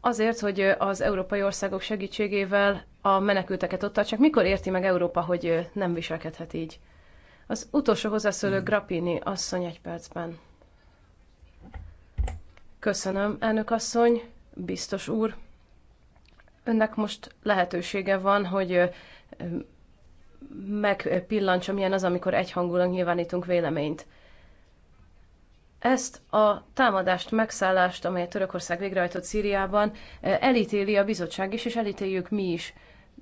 azért, hogy az európai országok segítségével a menekülteket ott tartsák. Mikor érti meg Európa, hogy nem viselkedhet így? Az utolsó hozzászóló hmm. Grappini asszony egy percben. Köszönöm, elnök asszony, biztos úr. Önnek most lehetősége van, hogy megpillantsa, milyen az, amikor egyhangulag nyilvánítunk véleményt. Ezt a támadást, megszállást, amelyet Törökország végrehajtott Szíriában, elítéli a bizottság is, és elítéljük mi is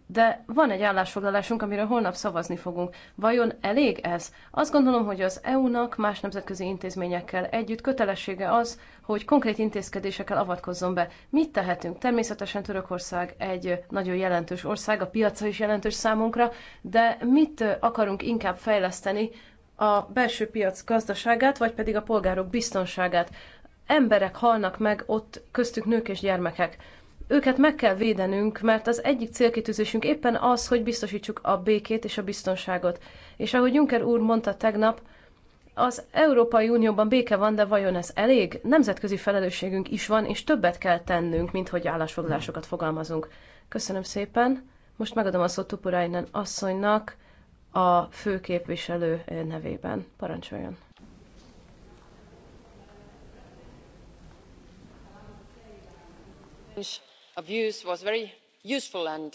de van egy állásfoglalásunk, amiről holnap szavazni fogunk. Vajon elég ez? Azt gondolom, hogy az EU-nak más nemzetközi intézményekkel együtt kötelessége az, hogy konkrét intézkedésekkel avatkozzon be. Mit tehetünk? Természetesen Törökország egy nagyon jelentős ország, a piaca is jelentős számunkra, de mit akarunk inkább fejleszteni, a belső piac gazdaságát, vagy pedig a polgárok biztonságát. Emberek halnak meg ott, köztük nők és gyermekek őket meg kell védenünk, mert az egyik célkitűzésünk éppen az, hogy biztosítsuk a békét és a biztonságot. És ahogy Juncker úr mondta tegnap, az Európai Unióban béke van, de vajon ez elég? Nemzetközi felelősségünk is van, és többet kell tennünk, mint hogy állásfoglalásokat fogalmazunk. Köszönöm szépen. Most megadom a szót Tupurainen asszonynak a főképviselő nevében. Parancsoljon! was very useful and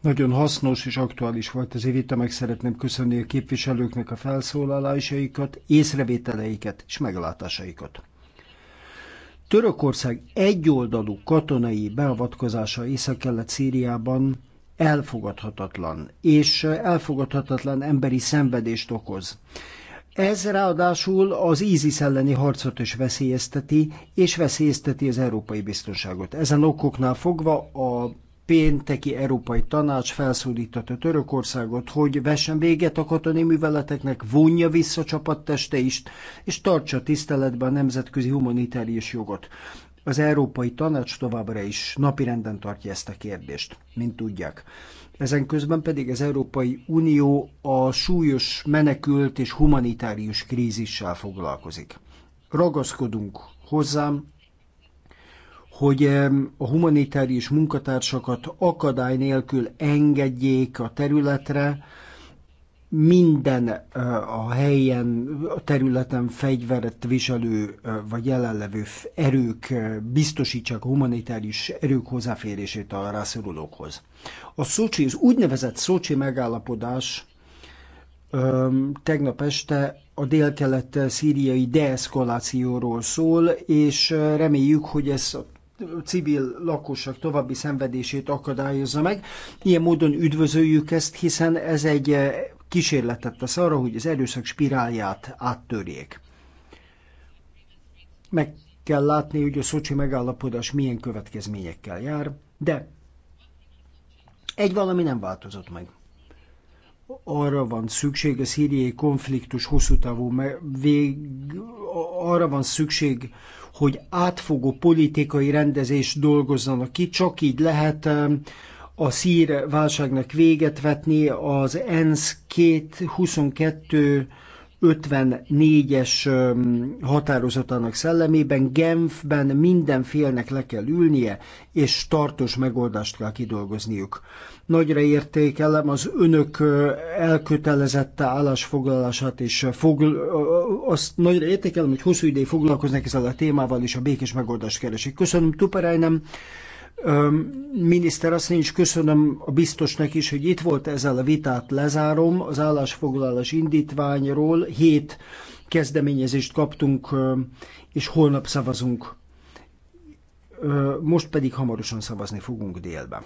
nagyon hasznos és aktuális volt ez a vita, meg szeretném köszönni a képviselőknek a felszólalásaikat, észrevételeiket és meglátásaikat. Törökország egyoldalú katonai beavatkozása észak-kelet Szíriában elfogadhatatlan, és elfogadhatatlan emberi szenvedést okoz. Ez ráadásul az ISIS elleni harcot is veszélyezteti, és veszélyezteti az európai biztonságot. Ezen okoknál fogva a pénteki Európai Tanács felszólította Törökországot, hogy vessen véget a katonai műveleteknek, vonja vissza csapattesteist, és tartsa tiszteletben a nemzetközi humanitárius jogot. Az Európai Tanács továbbra is napirenden tartja ezt a kérdést, mint tudják. Ezen közben pedig az Európai Unió a súlyos menekült és humanitárius krízissel foglalkozik. Ragaszkodunk hozzám, hogy a humanitárius munkatársakat akadály nélkül engedjék a területre, minden a helyen, a területen fegyveret viselő vagy jelenlevő erők biztosítsák humanitárius erők hozzáférését a rászorulókhoz. A Szocsi, az úgynevezett Szocsi megállapodás tegnap este a délkelet szíriai deeszkalációról szól, és reméljük, hogy ez a civil lakosság további szenvedését akadályozza meg. Ilyen módon üdvözöljük ezt, hiszen ez egy kísérletet tesz arra, hogy az erőszak spirálját áttörjék. Meg kell látni, hogy a Szocsi megállapodás milyen következményekkel jár, de egy valami nem változott meg. Arra van szükség a szíriai konfliktus hosszú távú vég, arra van szükség, hogy átfogó politikai rendezés dolgozzanak ki, csak így lehet a szír válságnak véget vetni, az ENSZ 22 54-es határozatának szellemében Genfben minden félnek le kell ülnie, és tartós megoldást kell kidolgozniuk. Nagyra értékelem az önök elkötelezette állásfoglalását, és fogl- azt nagyra értékelem, hogy hosszú ideig foglalkoznak ezzel a témával, és a békés megoldást keresik. Köszönöm Tuperájnem Miniszter, azt köszönöm a biztosnak is, hogy itt volt ezzel a vitát lezárom. Az állásfoglalás indítványról hét kezdeményezést kaptunk, és holnap szavazunk. Most pedig hamarosan szavazni fogunk délben.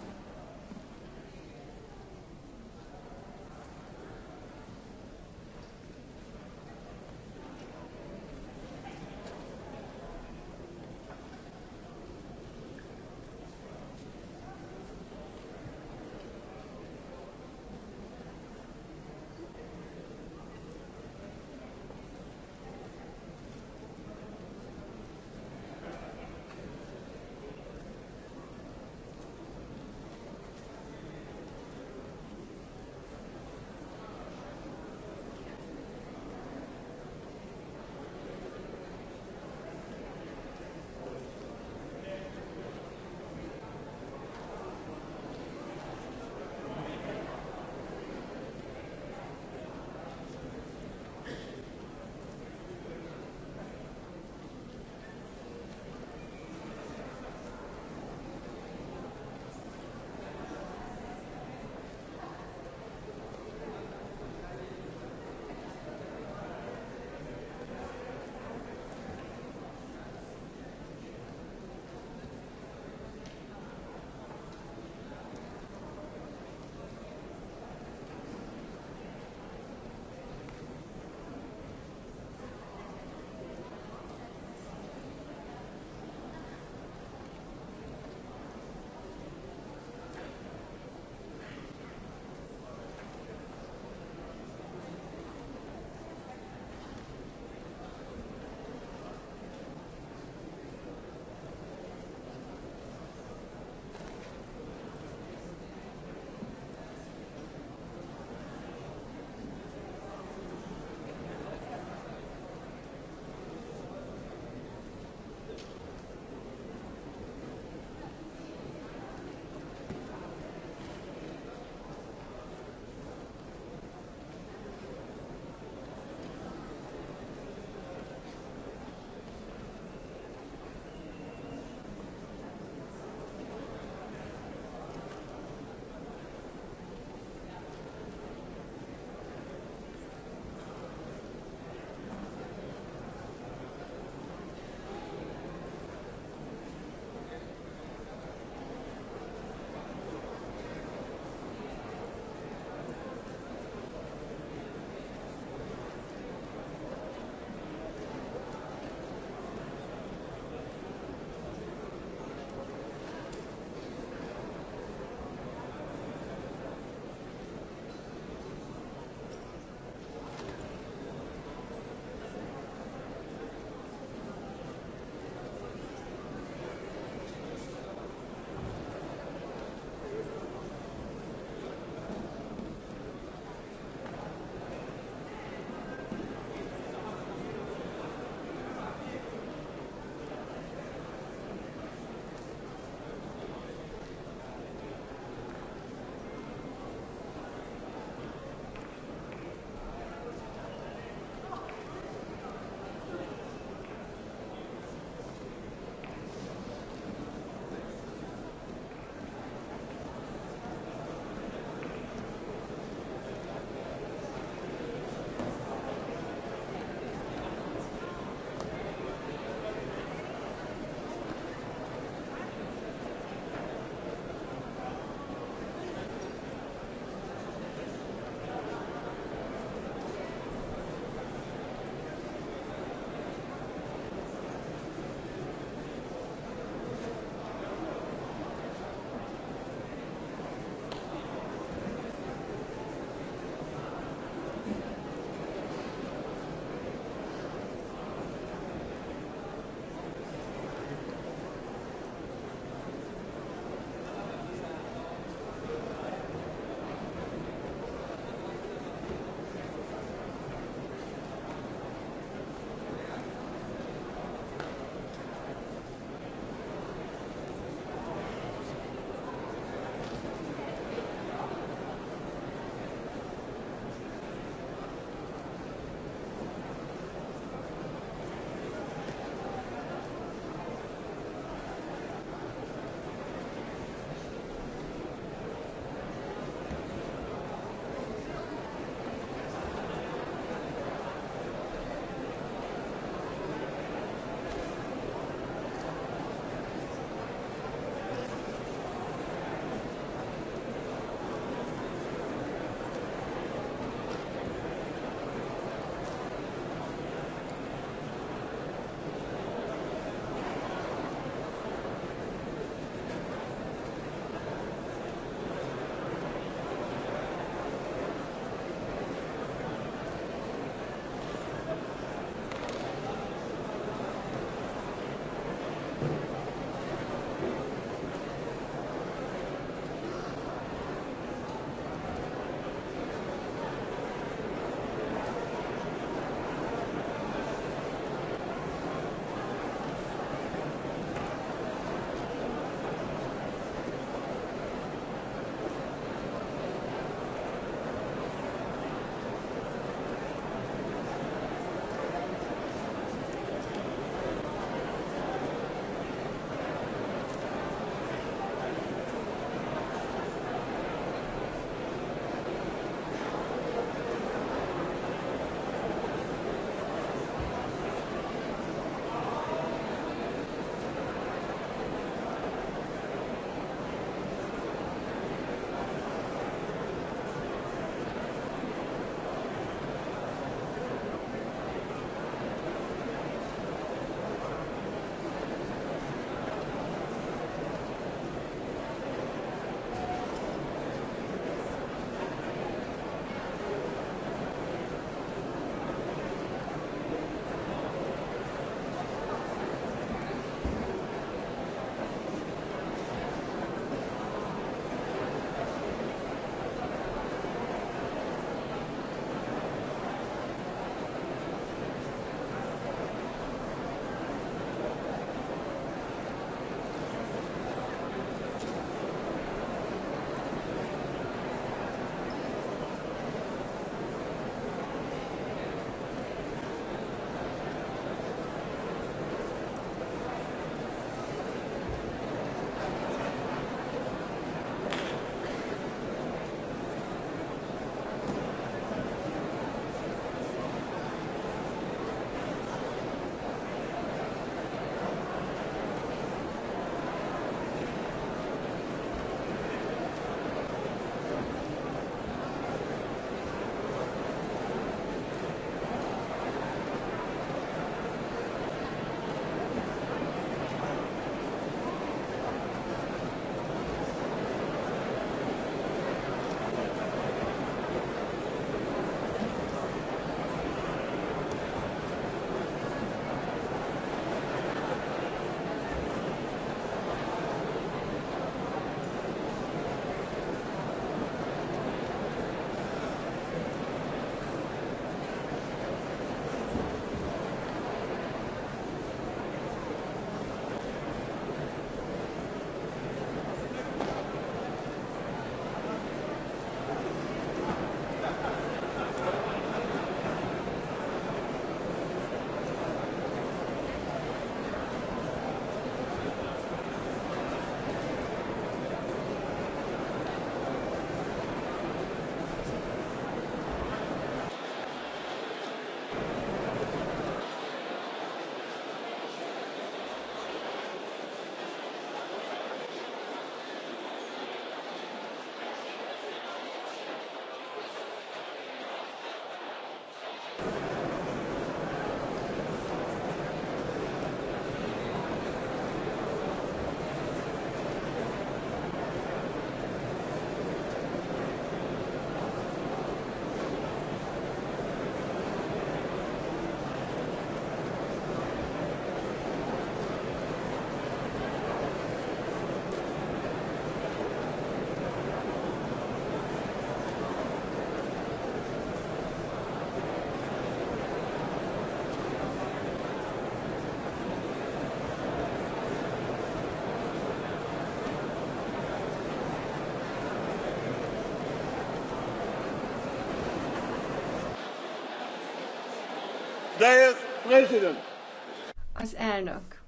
Az elnök.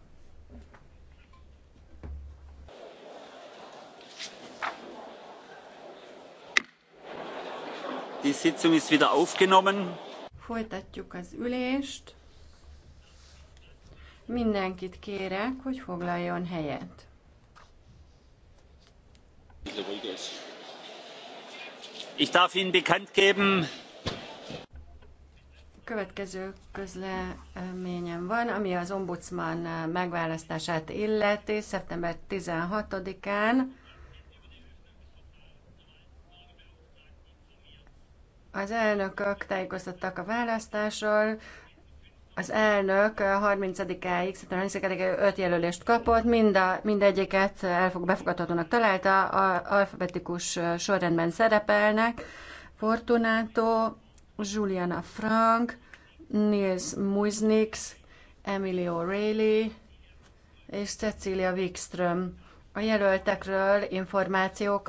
Die Sitzung ist wieder aufgenommen. Folytatjuk az ülést. Mindenkit kérek, hogy foglaljon helyet. Ich darf Ihnen bekannt geben, Következő közleményem van, ami az ombudsman megválasztását illeti szeptember 16-án. Az elnökök tájékoztattak a választásról, az elnök 30-áig, szeptember 30-áig 5 jelölést kapott, mind a, mindegyiket elfog, befogadhatónak találta, a, alfabetikus sorrendben szerepelnek. Fortunato, Juliana Frank, Nils Muiznix, Emily O'Reilly és Cecilia Wikström. A jelöltekről információkat